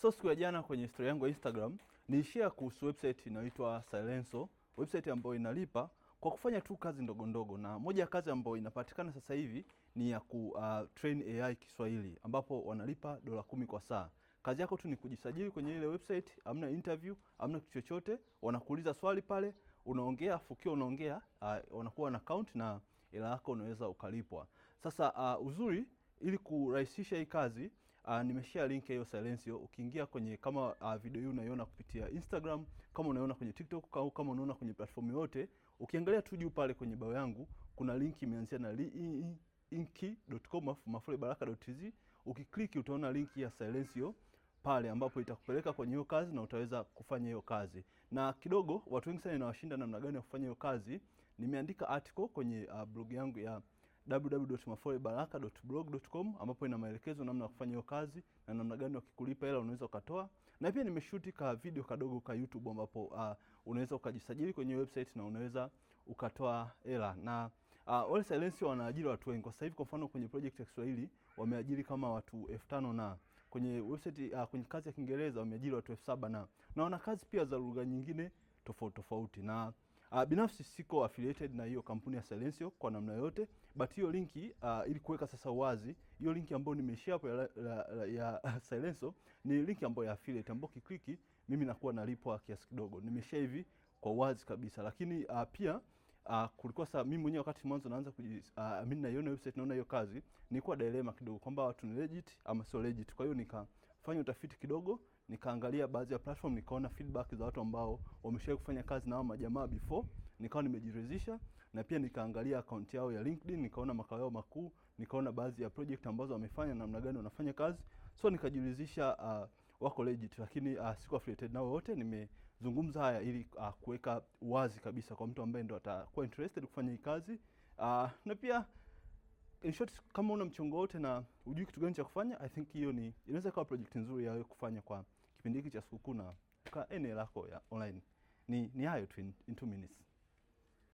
So siku ya jana kwenye story yangu ya Instagram nilishare kuhusu website inayoitwa Silenso, website ambayo inalipa kwa kufanya tu kazi ndogo ndogo, na moja ya kazi ambayo inapatikana sasa hivi ni ya ku uh, train AI Kiswahili ambapo wanalipa dola kumi kwa saa. Kazi yako tu ni kujisajili kwenye ile website, amna interview, amna kitu chochote, wanakuuliza swali pale, unaongea kio unaongea, uh, wanakuwa na account na ila yako unaweza ukalipwa. Sasa uh, uzuri ili kurahisisha hii kazi Uh, nimeshare link hiyo Silencio. Ukiingia kwenye kama uh, video hii unaiona kupitia Instagram, kama unaiona kwenye TikTok au kama unaona kwenye platform yote, ukiangalia tu juu pale kwenye bio yangu kuna link imeanzia na liinki.com mafulebaraka.tz. Ukiklik utaona link ya Silencio pale ambapo itakupeleka kwenye hiyo kazi na utaweza kufanya hiyo kazi. Na kidogo watu wengi sana inawashinda namna gani ya kufanya hiyo kazi. Nimeandika article kwenye uh, blog yangu ya www.mafawlebaraka.blog.com ambapo ina maelekezo namna ya kufanya hiyo kazi na namna gani wakikulipa hela unaweza ukatoa, na pia nimeshuti ka video kadogo ka YouTube ambapo uh, unaweza ukajisajili kwenye website na unaweza ukatoa hela na uh, ah, All Silenceo wanaajiri watu wengi kwa sasa hivi. Kwa mfano kwenye project ya Kiswahili wameajiri kama watu elfu tano na kwenye website uh, kwenye kazi ya Kiingereza wameajiri watu elfu saba na na wana kazi pia za lugha nyingine tofauti tofauti na Uh, binafsi siko affiliated na hiyo kampuni ya Silencio kwa namna yote, but hiyo linki uh, ili kuweka sasa wazi hiyo linki ambayo nimeshare hapo ya, ya, ya Silencio ni linki ambayo ya affiliate ambayo kikliki mimi nakuwa nalipwa kiasi kidogo. Nimeshare hivi kwa wazi kabisa, lakini uh, pia Uh, kulikuwa sasa mimi mwenyewe wakati mwanzo naanza kujiamini uh, mimi naiona website naona hiyo kazi, nilikuwa dilema kidogo kwamba watu ni legit ama sio legit. Kwa hiyo nikafanya utafiti kidogo nikaangalia baadhi ya platform nikaona feedback za watu ambao wameshawahi kufanya kazi na hao majamaa before, nikawa nimejiridhisha, na pia nikaangalia akaunti yao ya LinkedIn, nikaona makao yao makuu, nikaona baadhi ya project ambazo wamefanya, namna gani wanafanya kazi, so nikajiridhisha uh, wako legit, lakini uh, siko affiliated nao wote. Nimezungumza haya ili uh, kuweka wazi kabisa kwa mtu ambaye ndo atakuwa interested kufanya hii kazi uh, na pia in short, kama una mchongo wote na hujui kitu gani cha kufanya, I think hiyo ni inaweza kuwa project nzuri ya kufanya kwa kipindi hiki cha sikukuu na kaa eneo lako ya online. Ni, ni hayo tu in, in two minutes.